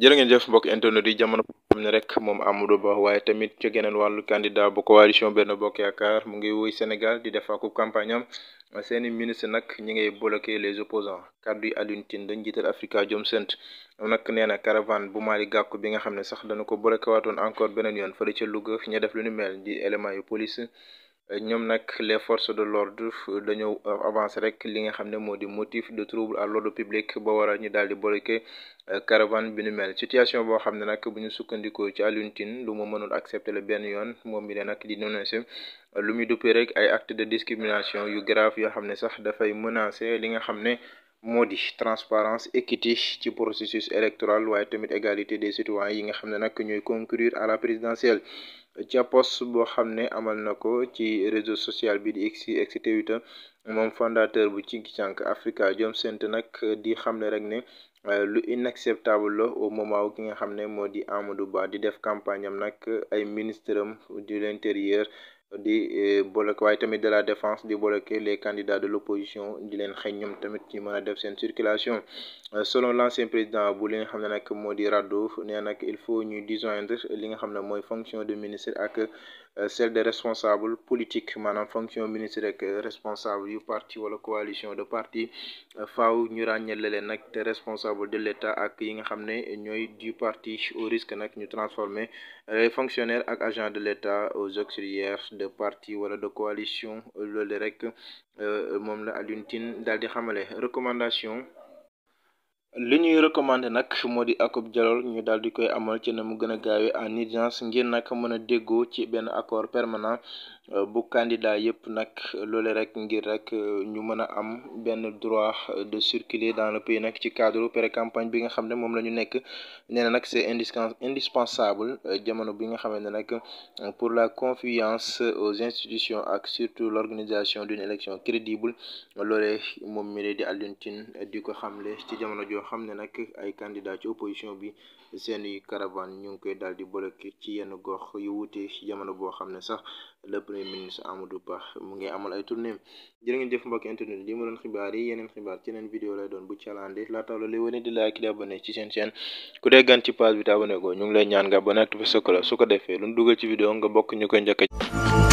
jërë ngeen jëf mbokk internet yi jamono xam rek moom Amadou Ba waaye tamit ci geneen wàllu candidat bu coalition Benno Bokk Yaakaar mu ngi wuy Sénégal di def akub campagne seeni ministre nag ñi ngay bloqué les opposants kaddu yi Alioune Tine dañ jiital Africa Jom Center nag nee na caravane bu Mali Gakou bi nga xam ne sax dana ko bloqué waatoon encore beneen yoon fële ca Louga ña def lu ni mel di élément yu police ñoom nag les force de l'ordre dañoo avancé rek li nga xam ne moo di motif de trouble à l'ordre public ba wara ñu daal di bloqué euh, caravane bi nu mel situation boo xam ne nag buñu sukkandikoo ci Alioune lu mu mënul accepter le benn yoon moom bi ne nag di dénoncer euh, lu muy duppee rek ay acte de discrimination yu grave yoo xam ne sax dafay menacer li nga xam ne moo di transparence équité ci processus électoral waaye tamit égalité des citoyens yi nga xam ne nag ñooy concourir à ca post boo xam ne amal na ko ci réseau social bi di X ex Twitter moom fondateur bu Think-Tank Africa Jom Center nag di xamle rek ne euh, lu inacceptable la au moment ki nga xam ne moo di Amadou Ba di def campagne am nag ay ministre am du l'intérieur di eh, bloquer waaye tamit de la défense di bloquer eh, les candidats de l'opposition di leen xëy ñoom tamit ci mën a def seen circulation euh, selon l'ancien président bu li nga xam ne nag di nee nag il faut ñu disjoindre li nga xam ne fonction de ministre ak euh, celle de responsable politique maanaam fonction ministre ak euh, responsable yu parti wala coalition de parti faaw ñu ràññale leen nag te responsable de l'État ak yi nga xam ne du parti au risque nag ñu transformer les fonctionnaires ak agents de l'État aux auxiliaires de parti wala de coalition le direct euh, moom la d'aldi Tine recommandation li ñuy recommandé nak moo di akub ñu daal di koy amal ci na mu gën a gaawee en urgence ngir nak mën a déggoo ci benn accord permanent euh, bu candidat yépp nak loole rek ngir rek euh, ñu mën a am benn droit de circuler dans le pays nak ci cadre pré-campagne bi nga xam ne moom la ñu nekk nee na nag c'est indispensable euh, jamono bi nga xamante ne nag pour la confiance aux institutions ak surtout l'organisation d'une élection crédible loole moom mi di Alioune di ko xamle ci jamono jooju yoo xam ne nag ay candidat ci opposition bi seeni caravane ñu ngi koy daal di bloqué ci yenn gox yu wuute ci jamono boo xam ne sax le premier ministre Amadou Ba mu ngi amal ay tournée jërë ngeen jëf mbokk internet li ma doon xibaar yi yeneen xibaar ci yeneen vidéo lay doon bu calande laataw la li wane di laa ki di ci seen chaîne ku dee gan ci page bi te ko ñu ngi lay ñaan nga abonné ak su ko defee lu ñu dugal ci vidéo nga bokk ñu koy njëkk